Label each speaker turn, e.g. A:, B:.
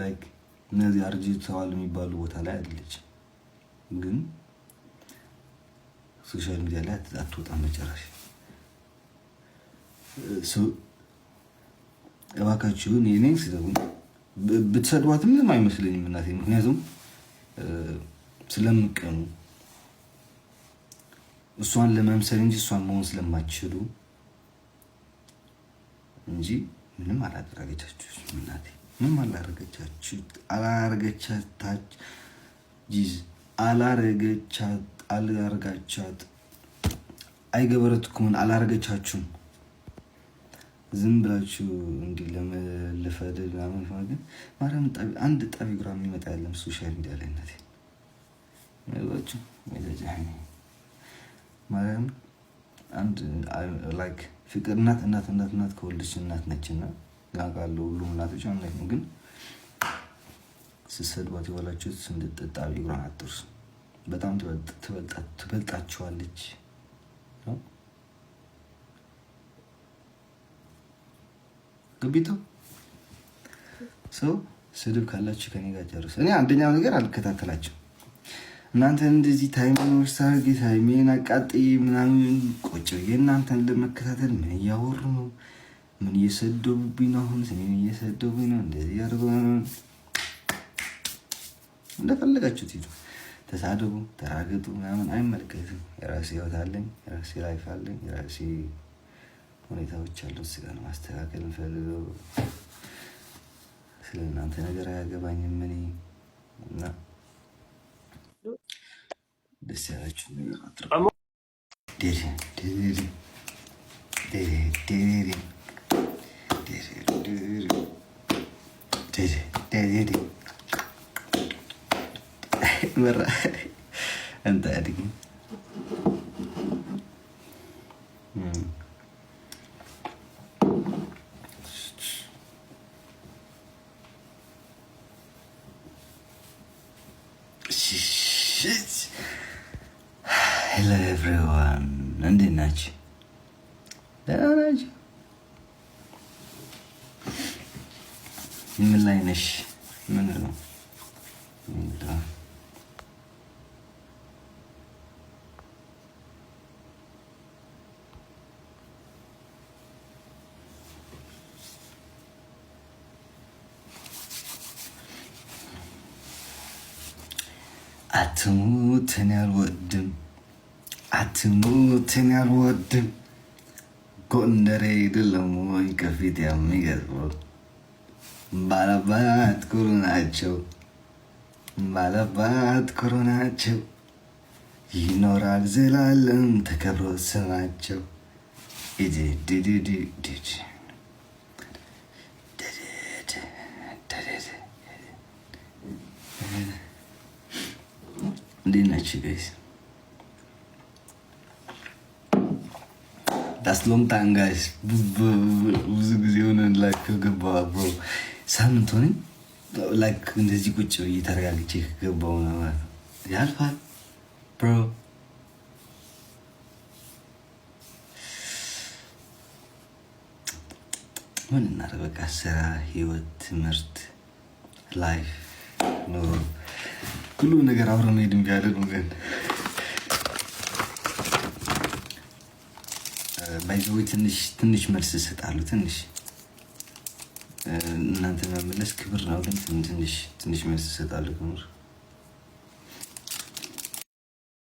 A: ላይክ እነዚህ አርጅተዋል የሚባሉ ቦታ ላይ አይደለች፣ ግን ሶሻል ሚዲያ ላይ አትወጣም መጨረሽ እባካችሁን የኔ ስደቡኝ ብትሰድቧት ምንም አይመስለኝም እናቴ፣ ምክንያቱም ስለምቀኑ እሷን ለመምሰል እንጂ እሷን መሆን ስለማችሉ እንጂ ምንም አላደረገቻችሁ እናቴ። ምንም አላረገቻችሁ አላረገቻታች ጂዝ አላረገቻት አላረጋቻት አይገበረት ከሆን አላረገቻችሁም። ዝም ብላችሁ እንዲህ ለመለፈደድ ምናምን ግን ማርያም አንድ ጠቢ ግራ የሚመጣ ያለም ሶሻል ሚዲያ ላይ እናቴ ላችሁ ማርያም አንድ ላይክ ፍቅር እናት እናት እናት እናት ከወልደች እናት ነችና ጋጋሉ ሁሉም እናቶች አንድ ላይ ነው። ግን ስትሰድቧት የዋላችሁት እንድትጠጣ ቢጉራን አትርሱ። በጣም ትበልጣችኋለች። ግቢቱ ሰው ስድብ ካላችሁ ከኔ ጋር ጨርስ። እኔ አንደኛ ነገር አልከታተላችሁም። እናንተ እንደዚህ ታይሜን ወሳጊ ታይሜን አቃጥ ምናምን ቆጭ የእናንተን ለመከታተል ምን እያወሩ ነው? ምን እየሰደቡብኝ ነው? አሁን ስሜን እየሰደቡኝ ነው። እንደዚህ አድርጎ እንደፈለጋችሁት ሂዱ፣ ተሳደቡ፣ ተራገጡ፣ ምናምን አይመለከትም። የራሴ ህይወት አለኝ፣ የራሴ ላይፍ አለኝ፣ የራሴ ሁኔታዎች አሉት። ስጋን ማስተካከል እንፈልገው። ስለ እናንተ ነገር አያገባኝም እኔ እና ደስ ያላችሁ ነገር አድርጉ። برا انت ادق ሄሎ ኤቭሪዋን እንዴት ናችሁ? ደህና ናችሁ? ምን ላይ ነሽ? ምንድን ነው አትሙትን አልወድም አትሙትን አልወድም ጎንደሬ አይደለም ወይ ከፊት የሚገጥመው ባላባት ኩሩ ናቸው ባላባት ኩሩ ናቸው ይኖራል ዘላለም ተከብሮ ስማቸው ዲ እንዴት ናችሁ ጋይስ? ዳስ ሎንግ ታይም ጋይስ፣ ብዙ ጊዜ ሆነን ላይክ ከገባሁ ብሮ ሳምንት ሆነኝ ላይክ እንደዚህ ቁጭ ብዬ ተረጋግቼ ከገባሁ ነው ያልፋል ብሮ ምን እናደርግ በቃ ስራ፣ ህይወት፣ ትምህርት፣ ላይፍ ኑሮ ሁሉም ነገር አብረ ነው ሄድ ቢያደግ ግን ባይዘወ ትንሽ ትንሽ መልስ ይሰጣሉ። ትንሽ እናንተ መመለስ ክብር ነው፣ ግን ትንሽ ትንሽ መልስ ይሰጣሉ።